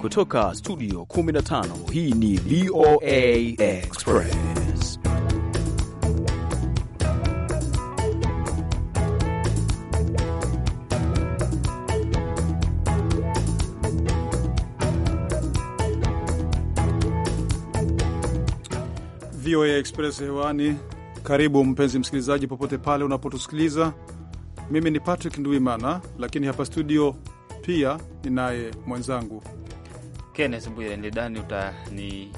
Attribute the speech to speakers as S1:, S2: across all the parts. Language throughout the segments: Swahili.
S1: Kutoka studio 15 hii ni VOA Express.
S2: VOA Express hewani. Karibu mpenzi msikilizaji, popote pale unapotusikiliza. Mimi ni Patrick Ndwimana, lakini hapa studio pia ninaye mwenzangu Kenneth Bwire, ndani
S3: utani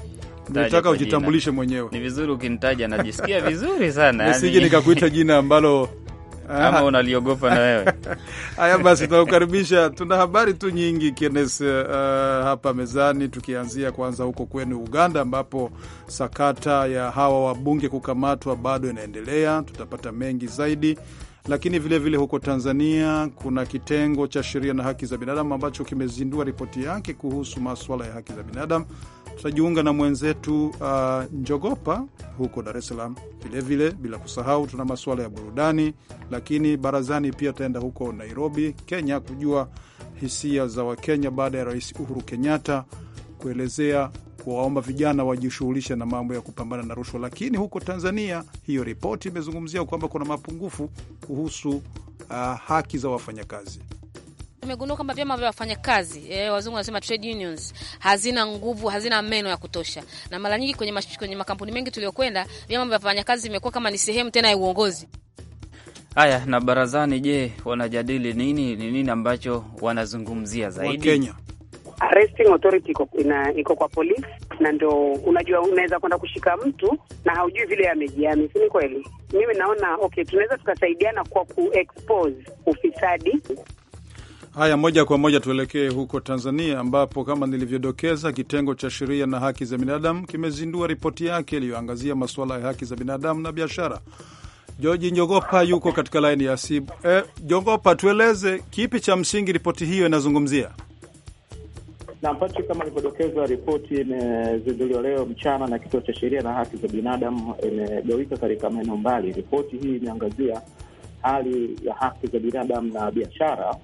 S2: nataka ujitambulishe mwenyewe. Ni vizuri ukinitaja, najisikia vizuri sana nisije nikakuita jina ambalo
S4: kama unaliogopa na wewe. Haya basi,
S2: tunakukaribisha. Tuna habari tu nyingi Kenes, uh, hapa mezani, tukianzia kwanza huko kwenu Uganda, ambapo sakata ya hawa wabunge kukamatwa bado inaendelea. Tutapata mengi zaidi lakini vilevile vile huko Tanzania kuna kitengo cha sheria na haki za binadamu ambacho kimezindua ripoti yake kuhusu maswala ya haki za binadamu. Tutajiunga na mwenzetu uh, Njogopa huko Dar es Salaam vilevile, bila kusahau tuna maswala ya burudani, lakini barazani pia ataenda huko Nairobi, Kenya, kujua hisia za Wakenya baada ya Rais Uhuru Kenyatta kuelezea kuwaomba vijana wajishughulishe na mambo ya kupambana na rushwa. Lakini huko Tanzania, hiyo ripoti imezungumzia kwamba kuna mapungufu kuhusu uh, haki za wafanyakazi.
S4: Tumegundua kwamba vyama vya wafanyakazi eh, wazungu wanasema trade unions hazina nguvu, hazina meno ya kutosha, na mara nyingi kwenye, kwenye makampuni mengi tuliokwenda, vyama vya wafanyakazi vimekuwa kama ni sehemu tena ya uongozi.
S3: Haya, na barazani, je, wanajadili nini? Ni nini ambacho wanazungumzia zaidi
S5: Wakenya?
S6: arresting authority iko, ina, iko kwa police, na ndio unajua unaweza kwenda kushika mtu na haujui vile amejiami, si ni kweli? Mimi naona okay, tunaweza tukasaidiana kwa kuexpose ufisadi.
S2: Haya, moja kwa moja tuelekee huko Tanzania, ambapo kama nilivyodokeza, kitengo cha sheria na haki za binadamu kimezindua ripoti yake iliyoangazia masuala ya haki za binadamu na biashara. George Njogopa yuko katika laini ya simu. Eh, Njogopa, tueleze kipi cha msingi ripoti hiyo inazungumzia?
S5: Na Patrick, kama ilivyodokezwa, ripoti imezinduliwa leo mchana na kituo cha sheria na haki za binadamu, imegawika katika maeneo mbali. Ripoti hii imeangazia hali ya haki za binadamu na biashara,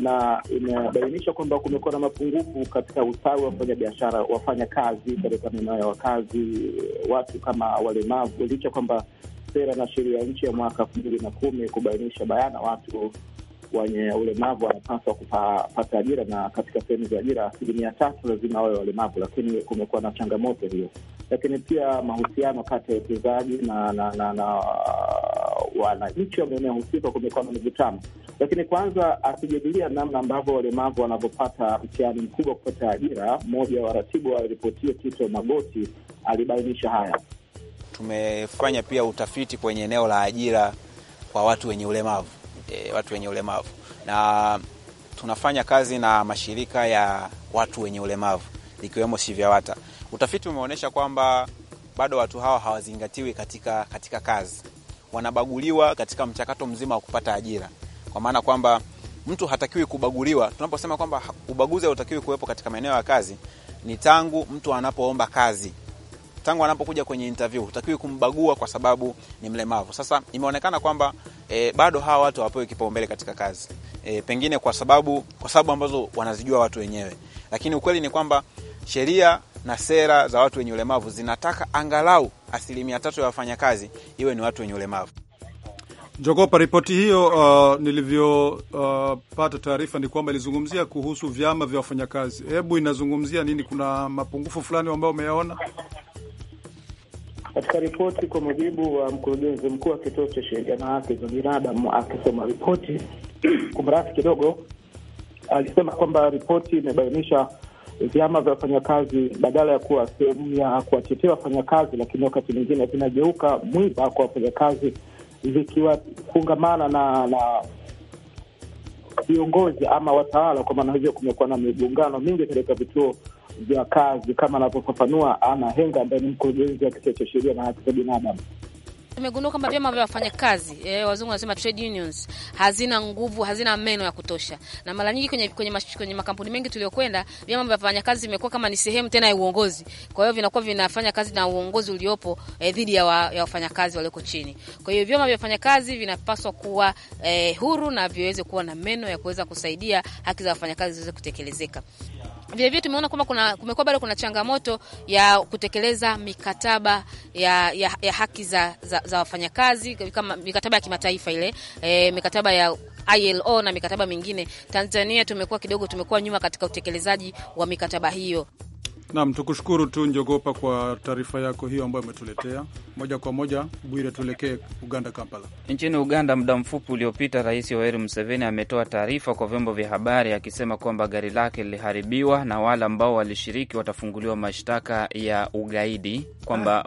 S5: na imebainisha kwamba kumekuwa na mapungufu katika ustawi wa wafanyabiashara, kazi katika maeneo ya wakazi, watu kama walemavu, licha kwamba sera na sheria ya nchi ya mwaka elfu mbili na kumi kubainisha bayana watu wenye ulemavu wanapaswa kupata ajira, na katika sehemu za ajira asilimia tatu lazima wawe walemavu, lakini kumekuwa na changamoto hiyo. Lakini pia mahusiano kati ya wekezaji na na, na, na uh, wananchi wa maeneo husika, kumekuwa na mivutano. Lakini kwanza akijadilia namna ambavyo walemavu wanavyopata mtihani mkubwa kupata ajira, mmoja wa ratibu wa ripoti hiyo Tito Magoti alibainisha haya.
S1: Tumefanya pia utafiti kwenye eneo la ajira kwa watu wenye ulemavu e, watu wenye ulemavu na tunafanya kazi na mashirika ya watu wenye ulemavu ikiwemo SHIVYAWATA. Utafiti umeonyesha kwamba bado watu hawa hawazingatiwi katika, katika kazi, wanabaguliwa katika mchakato mzima wa kupata ajira, kwa maana kwamba mtu hatakiwi kubaguliwa. Tunaposema kwamba ubaguzi hautakiwi kuwepo katika maeneo ya kazi, ni tangu mtu anapoomba kazi tangu anapokuja kwenye interview hutakiwi kumbagua kwa sababu ni mlemavu. Sasa imeonekana kwamba e, bado hawa watu hawapewi kipaumbele katika kazi e, pengine kwa sababu kwa sababu ambazo
S5: wanazijua watu wenyewe, lakini ukweli ni kwamba sheria na sera za watu wenye ulemavu
S1: zinataka angalau asilimia tatu ya wafanyakazi iwe ni watu wenye ulemavu.
S2: Jogopa, ripoti hiyo uh, nilivyopata uh, taarifa ni kwamba ilizungumzia kuhusu vyama vya wafanyakazi. Hebu inazungumzia nini? Kuna mapungufu fulani ambayo umeyaona?
S5: Katika ripoti, kwa mujibu wa mkurugenzi mkuu wa kituo cha sheria na haki za binadamu akisoma ripoti kumradhi kidogo, alisema kwamba ripoti imebainisha vyama vya wafanyakazi badala ya kuwa sehemu ya kuwatetea wafanyakazi, lakini wakati mwingine vinageuka mwiba kwa wafanyakazi, vikiwafungamana na na viongozi ama watawala. Kwa maana hivyo kumekuwa na migongano mingi katika vituo vya kazi kama anavyofafanua Ana Henga ambaye ni mkurugenzi wa kituo cha sheria na haki za binadamu.
S4: Tumegundua kwamba vyama vya wafanyakazi eh, wazungu wanasema trade unions hazina nguvu, hazina meno ya kutosha, na mara nyingi kwenye, kwenye, kwenye makampuni mengi tuliyokwenda, vyama vya wafanyakazi vimekuwa kama ni sehemu tena ya uongozi. Kwa hiyo vinakuwa vinafanya kazi na uongozi uliopo eh, dhidi ya, wa, ya wafanyakazi walioko chini. Kwa hiyo vyama vya wafanyakazi vinapaswa kuwa eh, huru na viweze kuwa na meno ya kuweza kusaidia haki za wafanyakazi ziweze kutekelezeka. Vilevile tumeona kwamba kuna kumekuwa bado kuna changamoto ya kutekeleza mikataba ya, ya, ya haki za, za, za wafanyakazi kama mikataba ya kimataifa ile e, mikataba ya ILO na mikataba mingine. Tanzania tumekuwa kidogo tumekuwa nyuma katika utekelezaji wa mikataba hiyo.
S2: Nam, tukushukuru tu Njogopa kwa taarifa yako hiyo ambayo umetuletea moja kwa moja. Bwire, tuelekee Uganda, Kampala. Nchini Uganda,
S3: muda mfupi uliopita, Rais Yoweri Museveni ametoa taarifa kwa vyombo vya habari akisema kwamba gari lake liliharibiwa na wale ambao walishiriki watafunguliwa mashtaka ya ugaidi, kwamba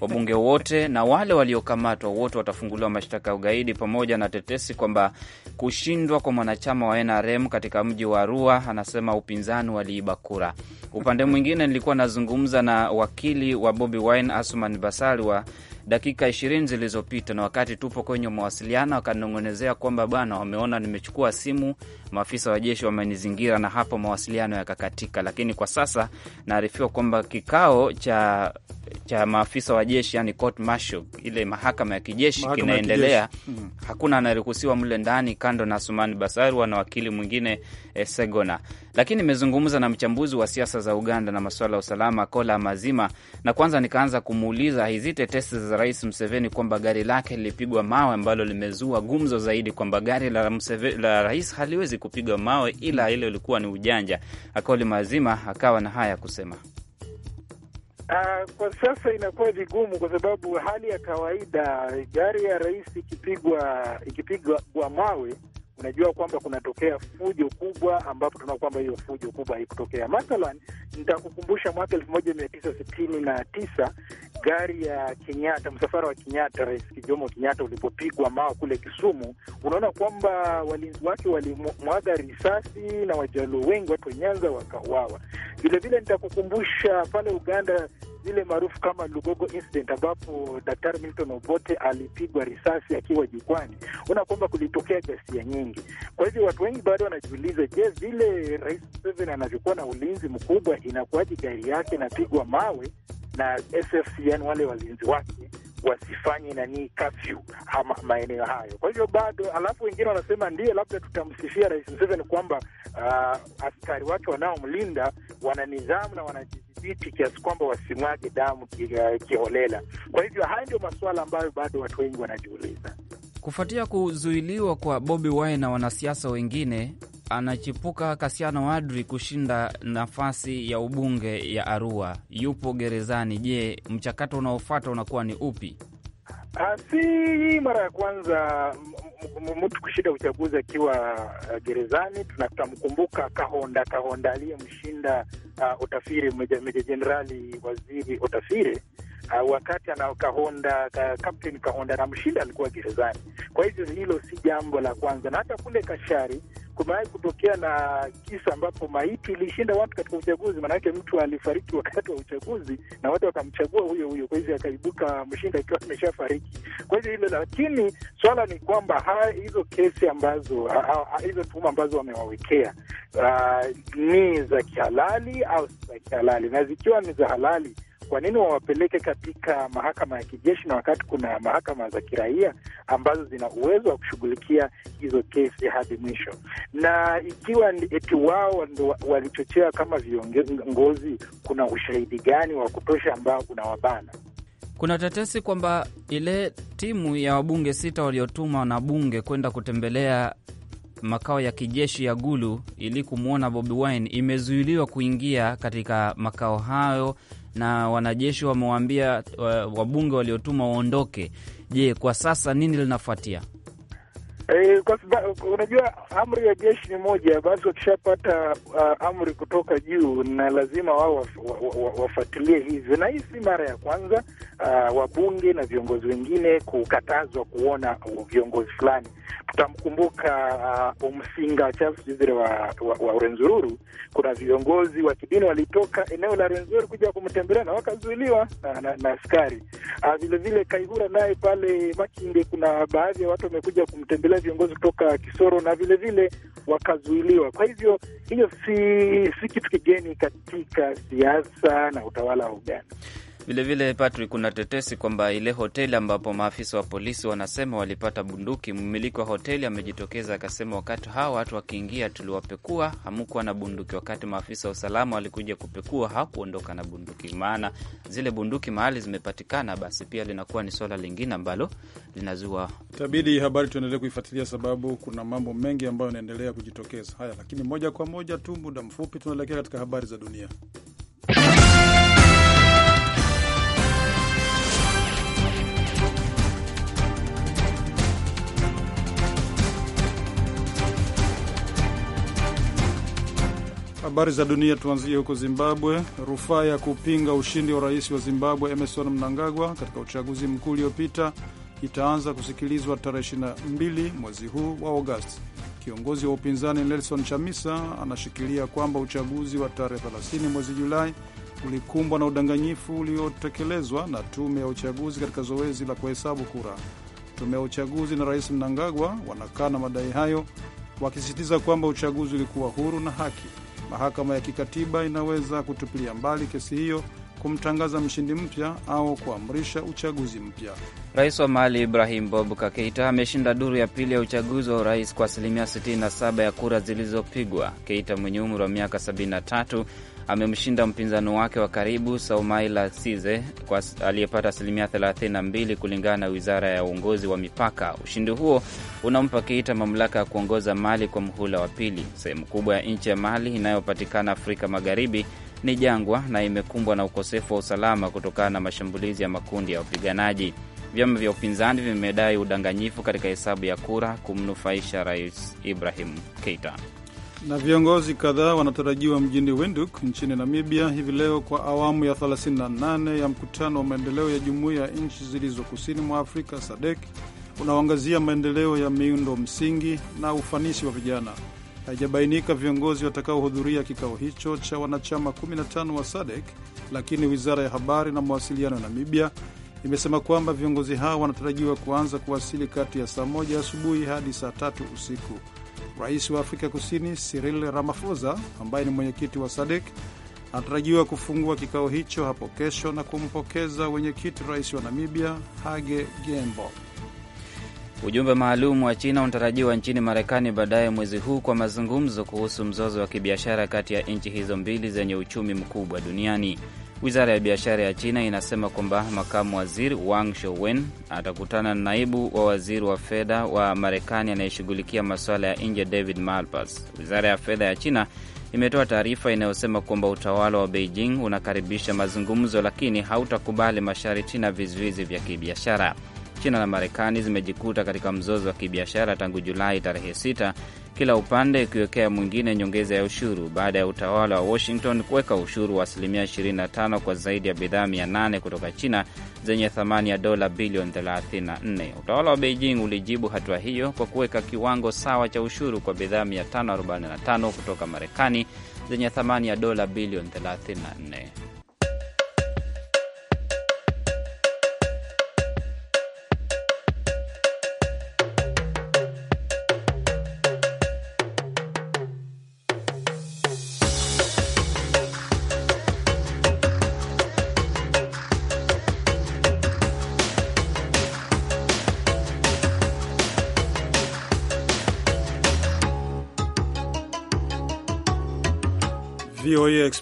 S3: wabunge wote na wale waliokamatwa wote watafunguliwa mashtaka ya ugaidi, pamoja na tetesi kwamba kushindwa kwa mwanachama wa NRM katika mji wa Arua. Anasema upinzani waliiba kura. Upande mwingine nyingine nilikuwa nazungumza na wakili wa Bobi Wine Asuman Basali wa dakika ishirini zilizopita, na wakati tupo kwenye mawasiliano akanong'onezea kwamba bwana, wameona nimechukua simu, maafisa wa jeshi wamenizingira, na hapo mawasiliano yakakatika. Lakini kwa sasa naarifiwa kwamba kikao cha cha maafisa wa jeshi yani court martial, ile mahakama ya kijeshi kinaendelea, kijeshi. Hmm. hakuna anaruhusiwa mle ndani, kando na Sumani Basaru na wakili mwingine eh, Segona. Lakini nimezungumza na mchambuzi wa siasa za Uganda na masuala ya usalama Kola Mazima, na kwanza nikaanza kumuuliza hizi tetesi za Rais Mseveni kwamba gari lake lilipigwa mawe, ambalo limezua gumzo zaidi kwamba gari la, Mseveni, la rais haliwezi kupigwa mawe, ila ile ilikuwa ni ujanja. Akoli Mazima akawa na haya kusema.
S7: Uh, kwa sasa inakuwa vigumu kwa sababu hali ya kawaida, gari ya rais ikipigwa ikipigwa mawe, unajua kwamba kunatokea fujo kubwa, ambapo tunaona kwamba hiyo fujo kubwa haikutokea. Mathalan, nitakukumbusha mwaka elfu moja mia tisa sitini na tisa gari ya Kenyatta, msafara wa Kenyatta, Rais Jomo Kenyatta ulipopigwa mawe kule Kisumu, unaona kwamba walinzi wake walimwaga risasi na wajaluo wengi, watu wa Nyanza wakauawa. Vilevile nitakukumbusha pale Uganda zile maarufu kama Lugogo incident ambapo Daktari Milton Obote alipigwa risasi akiwa jukwani. Una kwamba kulitokea ghasia nyingi. Kwa hivyo watu wengi bado wanajiuliza, je, vile Rais Museveni anavyokuwa na ulinzi mkubwa, inakuwaje gari yake inapigwa mawe na SFCN wale walinzi wake wasifanye nanii kafyu ama maeneo hayo. Kwa hivyo bado, alafu wengine wanasema ndiye labda tutamsifia Rais Museveni kwamba uh, askari wake wanaomlinda wana nidhamu na wanajidhibiti kiasi kwamba wasimwage damu uh, kiholela. Kwa hivyo haya ndio masuala ambayo bado watu wengi wanajiuliza
S3: kufuatia kuzuiliwa kwa Bobi Wine na wanasiasa wengine anachipuka Kasiano Wadri kushinda nafasi ya ubunge ya Arua, yupo gerezani. Je, mchakato unaofuata unakuwa ni upi?
S7: Ah, si mara ya kwanza mtu kushinda uchaguzi akiwa uh, gerezani. Tunatamkumbuka Kahonda Kahonda aliyemshinda uh, Otafire, meja jenerali waziri Otafire uh, wakati ana Kahonda ka, captain Kahonda anamshinda alikuwa gerezani. Kwa hivyo hilo si jambo la kwanza, na hata kule Kashari kumewahi kutokea na kisa ambapo maiti ilishinda watu katika uchaguzi. Maanake mtu alifariki wakati wa uchaguzi na watu wakamchagua huyo huyo, kwa hivyo akaibuka mshindi akiwa ameshafariki. Kwa hivyo hilo, lakini swala ni kwamba hizo kesi ambazo hizo tuhuma ambazo wamewawekea uh, ni za kihalali au si za kihalali, na zikiwa ni za halali kwa nini wawapeleke katika mahakama ya kijeshi na wakati kuna mahakama za kiraia ambazo zina uwezo wa kushughulikia hizo kesi hadi mwisho? Na ikiwa eti wao ndo walichochea kama viongozi, kuna ushahidi gani wa kutosha ambao unawabana?
S3: Kuna tetesi kwamba ile timu ya wabunge sita waliotumwa na bunge kwenda kutembelea makao ya kijeshi ya Gulu ili kumwona Bobi Wine imezuiliwa kuingia katika makao hayo na wanajeshi wamewaambia wabunge waliotuma waondoke. Je, kwa sasa nini linafuatia?
S7: E, kwa sababu unajua amri ya jeshi ni moja, basi wakishapata uh, amri kutoka juu na lazima wao wafuatilie wa, wa, wa hivyo, na hii si mara ya kwanza uh, wabunge na viongozi wengine kukatazwa kuona viongozi fulani tutamkumbuka uh, Umsinga Charles Jizire wa, wa, wa Rwenzururu. Kuna viongozi wa kidini walitoka eneo la Rwenzururu kuja kumtembelea na wakazuiliwa na, na, na askari uh, vilevile Kaihura naye pale Makinge, kuna baadhi ya watu wamekuja kumtembelea viongozi kutoka Kisoro na vilevile wakazuiliwa. Kwa hivyo hiyo si, si kitu kigeni katika siasa na utawala wa Uganda.
S3: Vilevile Patrick, kuna tetesi kwamba ile hoteli ambapo maafisa wa polisi wanasema walipata bunduki, mmiliki wa hoteli amejitokeza akasema, wakati hawa watu wakiingia tuliwapekua, hamkuwa na bunduki. Wakati maafisa wa usalama walikuja kupekua, hakuondoka na bunduki. Maana zile bunduki mahali zimepatikana, basi pia linakuwa ni swala lingine ambalo linazua tabidi. Habari
S2: tuendelee kuifuatilia, sababu kuna mambo mengi ambayo yanaendelea kujitokeza. Haya, lakini moja kwa moja tu, muda mfupi tunaelekea katika habari za dunia. habari za dunia, tuanzie huko Zimbabwe. Rufaa ya kupinga ushindi wa rais wa Zimbabwe Emerson Mnangagwa katika uchaguzi mkuu uliopita itaanza kusikilizwa tarehe 22 mwezi huu wa Agosti. Kiongozi wa upinzani Nelson Chamisa anashikilia kwamba uchaguzi wa tarehe 30 mwezi Julai ulikumbwa na udanganyifu uliotekelezwa na tume ya uchaguzi katika zoezi la kuhesabu kura. Tume ya uchaguzi na rais Mnangagwa wanakana madai hayo wakisisitiza kwamba uchaguzi ulikuwa huru na haki mahakama ya kikatiba inaweza kutupilia mbali kesi hiyo kumtangaza mshindi mpya au kuamrisha uchaguzi mpya.
S3: Rais wa Mali Ibrahim Bob Keita ameshinda duru ya pili ya uchaguzi wa urais kwa asilimia 67 ya kura zilizopigwa. Keita mwenye umri wa miaka 73 amemshinda mpinzani wake wa karibu Saumaila Size aliyepata asilimia 32 kulingana na wizara ya uongozi wa mipaka. Ushindi huo unampa Keita mamlaka ya kuongoza Mali kwa mhula wa pili. Sehemu kubwa ya nchi ya Mali inayopatikana Afrika Magharibi ni jangwa na imekumbwa na ukosefu wa usalama kutokana na mashambulizi ya makundi ya wapiganaji. Vyama vya upinzani vimedai udanganyifu katika hesabu ya kura kumnufaisha Rais Ibrahim Keita.
S2: Na viongozi kadhaa wanatarajiwa mjini Windhoek nchini Namibia hivi leo kwa awamu ya 38 ya mkutano wa maendeleo ya jumuiya ya nchi zilizo kusini mwa Afrika SADC unaoangazia maendeleo ya miundo msingi na ufanisi wa vijana. Haijabainika viongozi watakaohudhuria kikao hicho cha wanachama 15 wa SADC, lakini wizara ya habari na mawasiliano ya Namibia imesema kwamba viongozi hao wanatarajiwa kuanza kuwasili kati ya saa moja asubuhi hadi saa tatu usiku. Rais wa Afrika Kusini Cyril Ramaphosa ambaye ni mwenyekiti wa SADC anatarajiwa kufungua kikao hicho hapo kesho na kumpokeza wenyekiti rais wa Namibia Hage Geingob.
S3: Ujumbe maalum wa China unatarajiwa nchini Marekani baadaye mwezi huu kwa mazungumzo kuhusu mzozo wa kibiashara kati ya nchi hizo mbili zenye uchumi mkubwa duniani. Wizara ya biashara ya China inasema kwamba makamu waziri Wang Shouwen atakutana na naibu wa waziri wa fedha wa Marekani anayeshughulikia masuala ya nje David Malpass. Wizara ya fedha ya China imetoa taarifa inayosema kwamba utawala wa Beijing unakaribisha mazungumzo, lakini hautakubali masharti na vizuizi vya kibiashara. China na Marekani zimejikuta katika mzozo wa kibiashara tangu Julai tarehe 6, kila upande ikiwekea mwingine nyongeza ya ushuru baada ya utawala wa Washington kuweka ushuru wa asilimia 25 kwa zaidi ya bidhaa 800 kutoka China zenye thamani ya dola bilioni 34. Utawala wa Beijing ulijibu hatua hiyo kwa kuweka kiwango sawa cha ushuru kwa bidhaa 545 kutoka Marekani zenye thamani ya dola bilioni 34.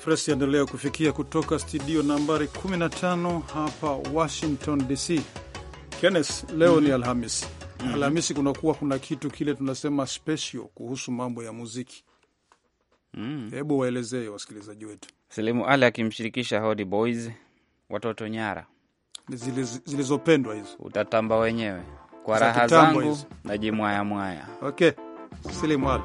S2: Express yaendelea kufikia kutoka studio nambari 15 hapa Washington DC. Kennes, leo mm -hmm. ni mhm. Alhamisi mm -hmm. Alhamisi kunakuwa kuna kitu kile tunasema special kuhusu mambo ya muziki mm. Hebu waelezee wasikilizaji wetu.
S3: Selemu Ali akimshirikisha Hody Boys, watoto nyara
S2: zilizopendwa hizo,
S3: utatamba wenyewe kwa raha zangu na jimwayamwaya.
S2: Okay, Selemu Ali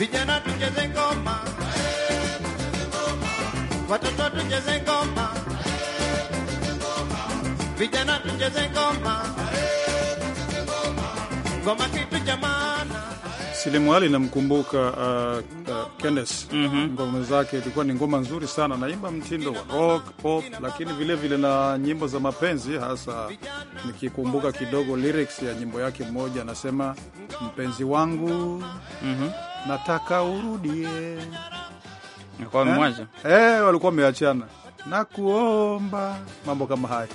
S8: vijana tucheze ngoma, watoto tucheze ngoma, vijana tucheze ngoma, ngoma kitu jamana.
S2: Silimu Ali namkumbuka uh... Kenneth mm -hmm. Ngoma zake ilikuwa ni ngoma nzuri sana, naimba mtindo wa rock pop, lakini vilevile vile na nyimbo za mapenzi, hasa nikikumbuka kidogo lyrics ya nyimbo yake mmoja, anasema mpenzi wangu mm -hmm. nataka urudie
S3: eh?
S2: eh, walikuwa wameachana, nakuomba mambo kama haya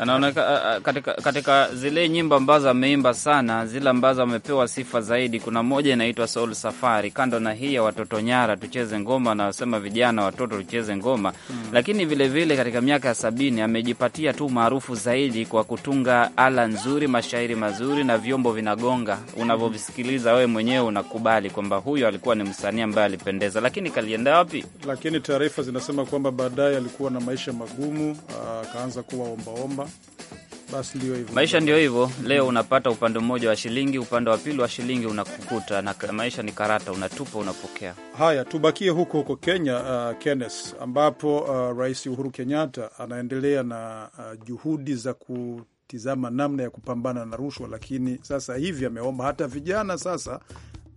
S3: anaoneka katika, katika zile nyimbo ambazo ameimba sana, zile ambazo amepewa sifa zaidi, kuna moja inaitwa Soul Safari, kando na hii ya watoto nyara tucheze ngoma, nasema vijana watoto tucheze ngoma hmm. Lakini vilevile vile katika miaka ya sabini amejipatia tu maarufu zaidi kwa kutunga ala nzuri, mashairi mazuri na vyombo vinagonga, unavyovisikiliza wewe mwenyewe unakubali kwamba huyo alikuwa ni msanii ambaye alipendeza. Lakini kalienda
S2: wapi? Lakini taarifa zinasema kwamba baadaye alikuwa na maisha magumu, akaanza kuwa ombaomba kwamba Basi ndio hivyo maisha, ndio hivyo leo.
S3: Unapata upande mmoja wa shilingi, upande wa pili wa shilingi unakukuta, na maisha ni karata, unatupa, unapokea.
S2: Haya, tubakie huko huko Kenya, uh, Kenneth, ambapo uh, Rais Uhuru Kenyatta anaendelea na uh, juhudi za kutizama namna ya kupambana na rushwa, lakini sasa hivi ameomba hata vijana sasa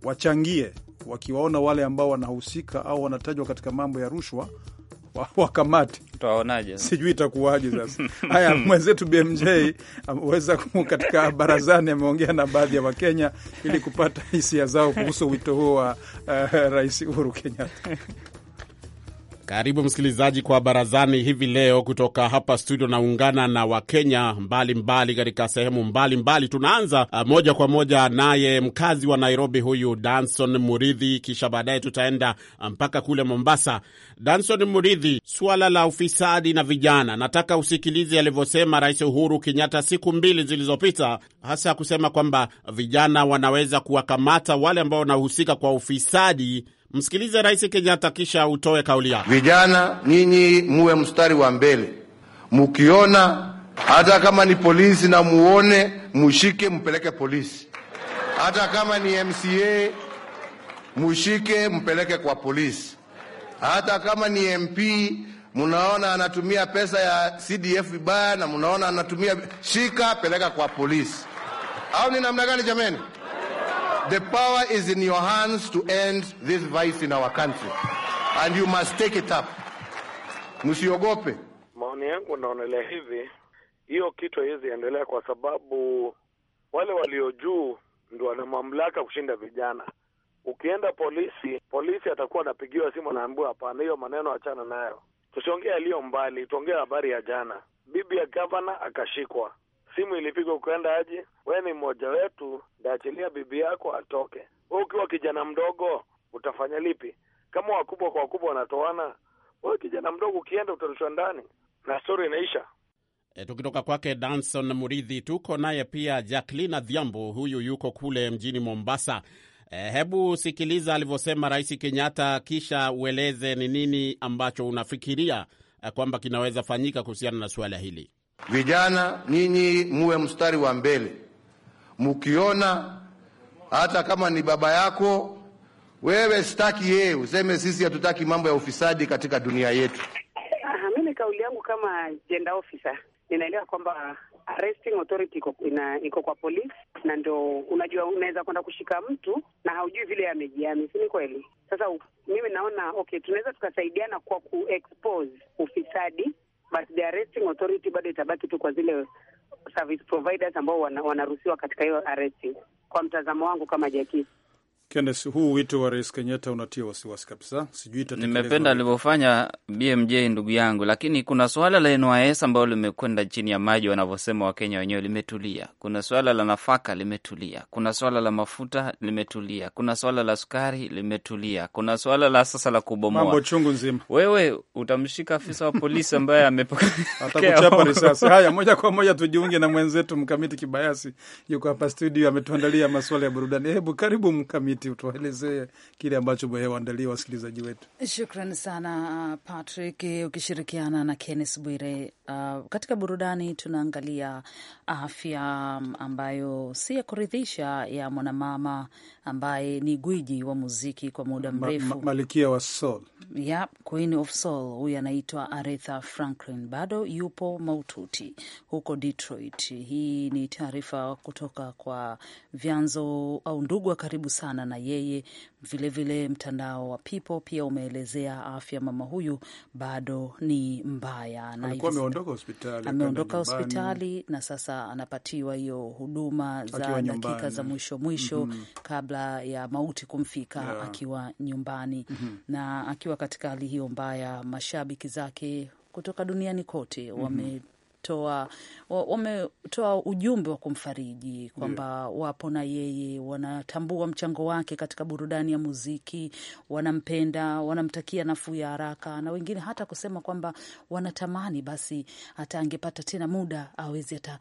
S2: wachangie, wakiwaona wale ambao wanahusika au wanatajwa katika mambo ya rushwa wakamati tutaonaje? Sijui itakuwaje sasa. Haya, mwenzetu BMJ ameweza katika barazani, ameongea na baadhi ya Wakenya ili kupata hisia zao kuhusu wito huo wa uh, Rais Uhuru Kenyatta.
S5: Karibu msikilizaji kwa barazani hivi leo kutoka hapa studio, naungana na Wakenya mbalimbali katika sehemu mbalimbali mbali. Tunaanza uh, moja kwa moja naye mkazi wa Nairobi huyu Danson Muridhi, kisha baadaye tutaenda ah, mpaka kule Mombasa. Danson Muridhi, suala la ufisadi na vijana, nataka usikilize alivyosema Rais Uhuru Kenyatta siku mbili zilizopita, hasa kusema kwamba vijana wanaweza kuwakamata wale ambao wanahusika kwa ufisadi Msikilize Rais Kenyatta kisha utoe kauli yako.
S2: Vijana nyinyi muwe mstari wa mbele, mukiona hata kama ni polisi na muone, mushike mpeleke polisi. Hata kama ni MCA mushike mpeleke kwa polisi. Hata kama ni MP munaona anatumia pesa ya CDF vibaya na munaona anatumia, shika peleka kwa polisi. Au ni namna gani jameni? The power is in your hands to end this vice in our country. And you must take it up. Msiogope.
S7: Maoni yangu naonelea hivi, hiyo kitu haiwezi endelea kwa sababu wale walio juu ndio wana mamlaka kushinda vijana. Ukienda polisi, polisi atakuwa anapigiwa simu, anaambiwa hapana, hiyo maneno achana nayo, tusiongee yaliyo mbali, tuongee habari ya jana. Bibi ya gavana akashikwa simu ilipigwa ukaenda aje, we ni mmoja wetu, ndaachilia bibi yako atoke. We ukiwa kijana mdogo utafanya lipi? Kama wakubwa kwa wakubwa wanatoana, we kijana mdogo ukienda utarushwa ndani na stori inaisha.
S5: E, tukitoka kwake Danson Muridhi, tuko naye pia Jacqueline Adhiambo, huyu yuko kule mjini Mombasa. E, hebu sikiliza alivyosema Rais Kenyatta, kisha ueleze ni nini ambacho unafikiria eh, kwamba kinaweza fanyika kuhusiana na suala hili.
S2: Vijana nyinyi muwe mstari wa mbele, mkiona hata kama ni baba yako wewe, sitaki yeye useme sisi hatutaki mambo ya ufisadi katika dunia yetu.
S6: Ah, mimi kauli yangu kama jenda ofisa, ninaelewa kwamba arresting authority iko, ina, iko kwa polisi na ndo unajua, unaweza kwenda kushika mtu na haujui vile amejihami, si ni kweli? Sasa mimi naona okay, tunaweza tukasaidiana kwa kuexpose ufisadi but the arresting authority bado itabaki tu kwa zile service providers ambao wanaruhusiwa katika hiyo arresting, kwa mtazamo wangu kama jakii
S2: Kenneth, huu wito wa Rais Kenyatta unatia wasiwasi kabisa, sijui nimependa
S3: alivyofanya BMJ ndugu yangu, lakini kuna suala la NYS ambalo limekwenda chini ya maji, wanavyosema Wakenya wenyewe, limetulia. Kuna suala la nafaka limetulia, kuna suala la mafuta limetulia, kuna suala la sukari limetulia, kuna suala la sasa la kubomoa mambo chungu nzima. Wewe utamshika afisa wa polisi ambaye amepokea risasi? Haya,
S2: moja kwa moja tujiunge na mwenzetu Mkamiti Kibayasi, yuko hapa studio, ametuandalia masuala ya burudani. Hebu karibu Mkamiti mkamiti, utuelezee kile ambacho waandalia wasikilizaji wetu.
S6: Shukran sana uh, Patrick, ukishirikiana na Kennes Bwire. Uh, katika burudani tunaangalia afya ambayo si ya kuridhisha ya mwanamama ambaye ni gwiji wa muziki kwa muda mrefu ma, ma,
S2: malikia wa soul.
S6: Yep, Queen of Soul. Huyu anaitwa Aretha Franklin, bado yupo maututi huko Detroit. Hii ni taarifa kutoka kwa vyanzo au ndugu wa karibu sana na yeye. Vilevile vile mtandao wa People pia umeelezea afya mama huyu bado ni mbaya, na ameondoka
S2: hospitali, ameondoka hospitali
S6: na sasa anapatiwa hiyo huduma za dakika za mwisho mwisho, mm -hmm. kabla kabla ya mauti kumfika yeah, akiwa nyumbani mm -hmm. na akiwa katika hali hiyo mbaya, mashabiki zake kutoka duniani kote mm -hmm wametoa ujumbe wa kumfariji kwamba wapo na yeye, wanatambua mchango wake katika burudani ya muziki, wanampenda, wanamtakia nafuu ya haraka, na wengine hata kusema kwamba wanatamani basi hata angepata tena muda aweze hata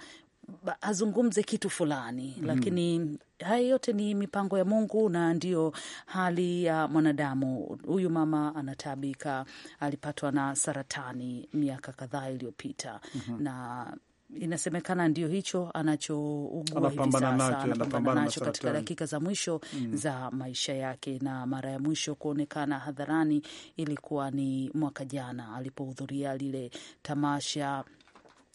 S6: azungumze kitu fulani mm. Lakini haya yote ni mipango ya Mungu na ndiyo hali ya mwanadamu. Huyu mama anataabika, alipatwa na saratani miaka kadhaa iliyopita mm -hmm. na inasemekana ndio hicho anachougua hivi sasa, anapambana nacho katika dakika za mwisho mm. za maisha yake. Na mara ya mwisho kuonekana hadharani ilikuwa ni mwaka jana alipohudhuria lile tamasha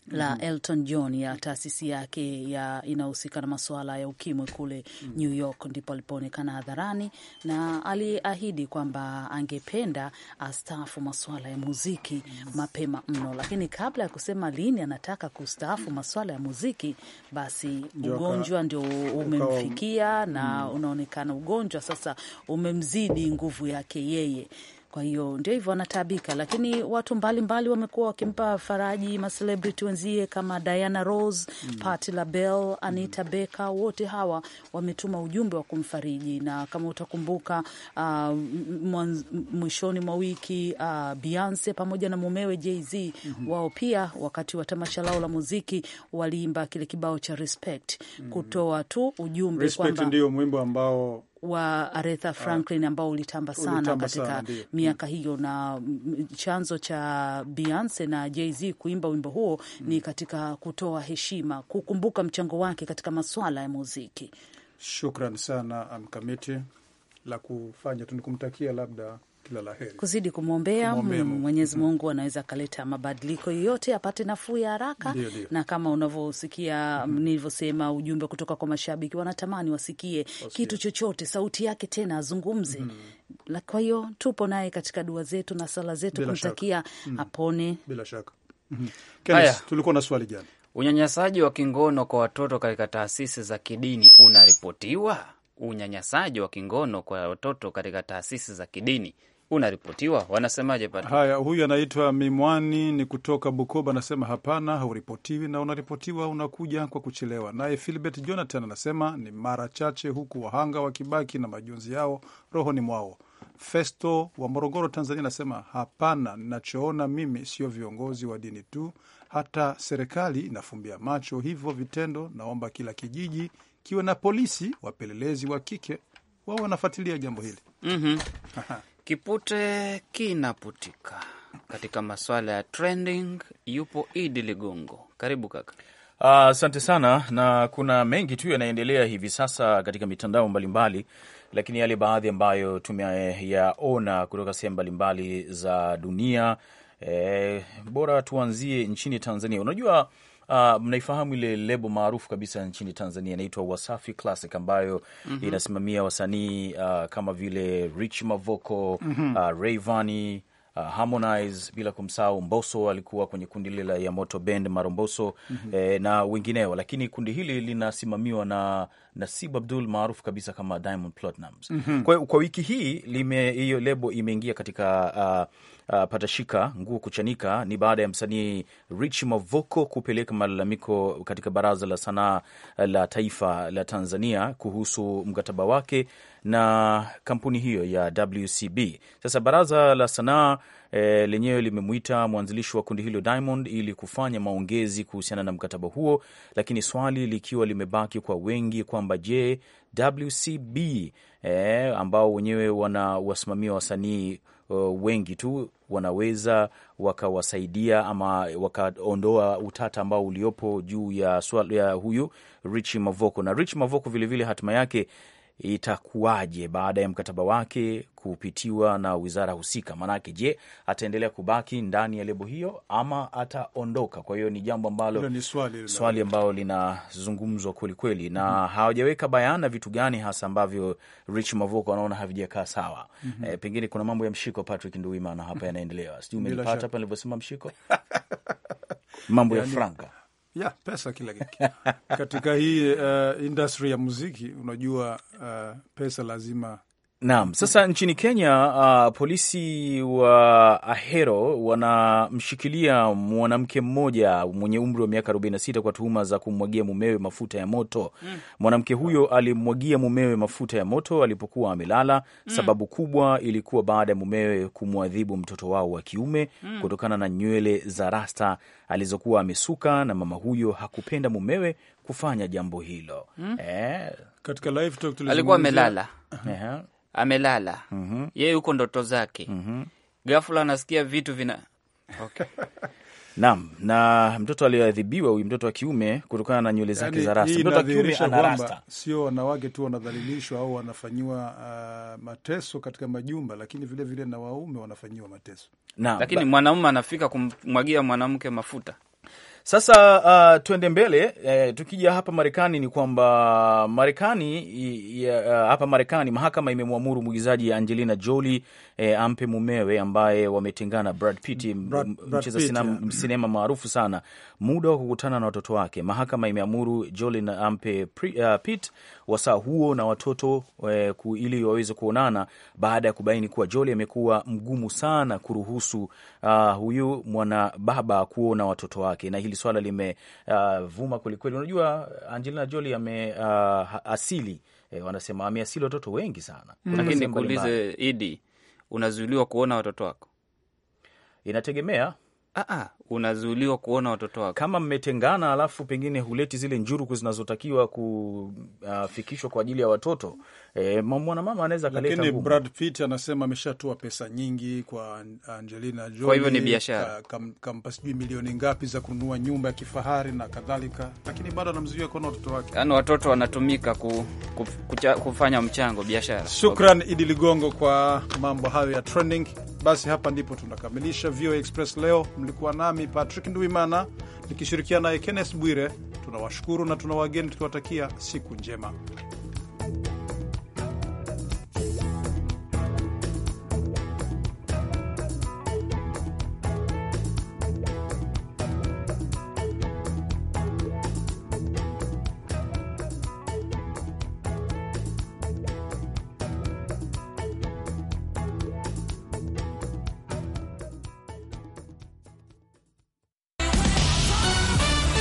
S6: la mm-hmm. Elton John ya taasisi yake ya inahusika na masuala ya ukimwi kule mm-hmm. New York, ndipo alipoonekana hadharani na aliahidi kwamba angependa astaafu masuala ya muziki mapema mno, lakini kabla ya kusema lini anataka kustaafu masuala ya muziki, basi ugonjwa ndio umemfikia na mm. unaonekana ugonjwa sasa umemzidi nguvu yake yeye kwa hiyo ndio hivyo, anataabika, lakini watu mbalimbali wamekuwa wakimpa faraji macelebrity wenzie kama Diana Ross, mm. Patti LaBelle, Anita mm. Baker, wote hawa wametuma ujumbe wa kumfariji, na kama utakumbuka uh, mwishoni mwa wiki uh, Beyonce pamoja na mumewe Jay-Z mm -hmm. wao pia wakati wa tamasha lao la muziki waliimba kile kibao cha Respect, mm. kutoa tu ujumbe kwamba ndio
S2: mwimbo ambao
S6: wa Aretha ah, Franklin ambao ulitamba sana ulitamba katika sana, mm. miaka hiyo, na mm, chanzo cha Beyonce na Jay-Z kuimba wimbo huo mm, ni katika kutoa heshima, kukumbuka mchango wake katika maswala ya muziki. Shukran sana Mkamiti,
S2: la kufanya tu ni kumtakia labda kila
S6: la heri, kuzidi kumwombea Mwenyezi mm-hmm. Mungu anaweza akaleta mabadiliko yoyote, apate nafuu ya haraka. Na kama unavyosikia mm nilivyosema, ujumbe kutoka kwa mashabiki wanatamani wasikie Osia. kitu chochote sauti yake tena azungumze mm Kwa hiyo tupo naye katika dua zetu na sala zetu kumtakia mm apone bila shaka mm -hmm.
S2: tulikuwa na swali
S3: jana Unyanyasaji wa kingono kwa watoto katika taasisi za kidini unaripotiwa? Unyanyasaji wa kingono kwa watoto katika taasisi za kidini unaripotiwa. Wanasemaje Haya,
S2: huyu anaitwa Mimwani ni kutoka Bukoba, anasema hapana, hauripotiwi na unaripotiwa unakuja kwa kuchelewa. Naye Filibert Jonathan anasema ni mara chache, huku wahanga wakibaki na majonzi yao rohoni mwao. Festo wa Morogoro, Tanzania, anasema hapana, ninachoona mimi sio viongozi wa dini tu, hata serikali inafumbia macho hivyo vitendo. Naomba kila kijiji kiwe na polisi wapelelezi wa kike, wao wanafuatilia jambo hili.
S8: mm -hmm.
S2: Kipute
S3: kinaputika katika maswala ya trending. Yupo Idi Ligongo, karibu kaka.
S1: Asante uh, sana. Na kuna mengi tu yanaendelea hivi sasa katika mitandao mbalimbali mbali, lakini yale baadhi ambayo tumeyaona kutoka sehemu mbalimbali za dunia eh, bora tuanzie nchini Tanzania. Unajua uh, mnaifahamu ile lebo maarufu kabisa nchini Tanzania inaitwa Wasafi Classic ambayo mm -hmm. inasimamia wasanii uh, kama vile Rich Mavoko mm -hmm. uh, ah, Rayvanny Uh, Harmonize bila kumsahau mboso alikuwa kwenye kundi lile la Moto Band Maromboso mm -hmm. eh, na wengineo, lakini kundi hili linasimamiwa na Nasib Abdul maarufu kabisa kama Diamond Platnumz mm -hmm. kwa, kwa wiki hii lime hiyo lebo imeingia katika uh, uh, patashika nguo kuchanika ni baada ya msanii Rich Mavoko kupeleka malalamiko katika Baraza la Sanaa la Taifa la Tanzania kuhusu mkataba wake na kampuni hiyo ya WCB. Sasa Baraza la Sanaa e, lenyewe limemwita mwanzilishi wa kundi hilo Diamond ili kufanya maongezi kuhusiana na mkataba huo, lakini swali likiwa limebaki kwa wengi kwamba je, WCB e, eh, ambao wenyewe wanawasimamia wasanii uh, wengi tu wanaweza wakawasaidia ama wakaondoa utata ambao uliopo juu ya swala ya huyu Rich Mavoko. Na Rich Mavoko vilevile hatima yake itakuwaje baada ya mkataba wake kupitiwa na wizara husika? Maanake je, ataendelea kubaki ndani ya lebo hiyo ama ataondoka? Kwa hiyo ni jambo ambalo ni swali, swali ambalo linazungumzwa kwelikweli na mm -hmm. hawajaweka bayana vitu gani hasa ambavyo Rich Mavoko anaona havijakaa sawa mm -hmm. E, pengine kuna mambo ya mshiko Patrick Nduimana hapa yanaendelewa, sijui umenipata hapa nilivyosema mshiko mambo yani... ya franka
S2: yeah, pesa kila kiki katika hii uh, industry ya muziki unajua, uh, pesa lazima
S1: Naam, sasa nchini Kenya uh, polisi wa Ahero wanamshikilia mwanamke mmoja mwenye umri wa miaka 46 kwa tuhuma za kumwagia mumewe mafuta ya moto mm. Mwanamke huyo alimwagia mumewe mafuta ya moto alipokuwa amelala mm. Sababu kubwa ilikuwa baada ya mumewe kumwadhibu mtoto wao wa kiume mm. kutokana na nywele za rasta alizokuwa amesuka, na mama huyo hakupenda mumewe kufanya jambo hilo
S3: mm. eh, katika live talk alikuwa amelala amelala mm -hmm. Yeye yuko ndoto zake mm -hmm. gafula anasikia vitu vina okay.
S1: Naam, na mtoto aliyoadhibiwa huyu mtoto wa kiume kutokana na nywele zake yaani za rasta. Mtoto wa kiume ana rasta.
S2: Sio wanawake tu wanadhalilishwa au wanafanyiwa uh, mateso katika majumba, lakini vilevile vile na waume wanafanyiwa mateso. Naam, lakini
S3: mwanaume anafika kumwagia mwanamke mafuta sasa
S1: uh, tuende mbele eh, tukija hapa Marekani ni kwamba Marekani uh, hapa Marekani mahakama imemwamuru mwigizaji Angelina Jolie eh, ampe mumewe ambaye wametengana Brad Pitt, mm, mcheza sinema maarufu sana, muda wa kukutana na watoto wake. Mahakama imeamuru Jolie na ampe uh, Pitt wasaa huo na watoto eh, ku, ili waweze kuonana baada ya kubaini kuwa Jolie amekuwa mgumu sana kuruhusu uh, huyu mwana baba kuona watoto wake na hili hili swala limevuma uh, kwelikweli. Unajua, Angelina Jolie ame uh, asili eh, wanasema ameasili watoto wengi sana,
S8: mm. lakini nikuulize
S3: Idi, unazuiliwa kuona watoto wako?
S1: Inategemea. Aa, ah, ah unazuiliwa kuona watoto wako. Kama mmetengana, alafu pengine huleti zile njuruku zinazotakiwa kufikishwa uh, kwa ajili ya watoto e, mwanamama anaweza kaleta. Lakini Brad
S2: Pitt anasema ameshatoa pesa nyingi kwa Angelina Jolie, kwa hivyo ni biashara, kampa sijui milioni ngapi za kununua nyumba ya kifahari na kadhalika, lakini bado anamzuia kuona watoto wake.
S3: Yani watoto wanatumika ku, ku, kucha, kufanya mchango biashara. Shukran
S2: Idi Ligongo kwa mambo hayo ya trending. Basi hapa ndipo tunakamilisha VOA Express leo, mlikuwa nami nami Patrick Ndwimana nikishirikiana naye Kennes Bwire. Tunawashukuru na tuna wageni tukiwatakia siku njema.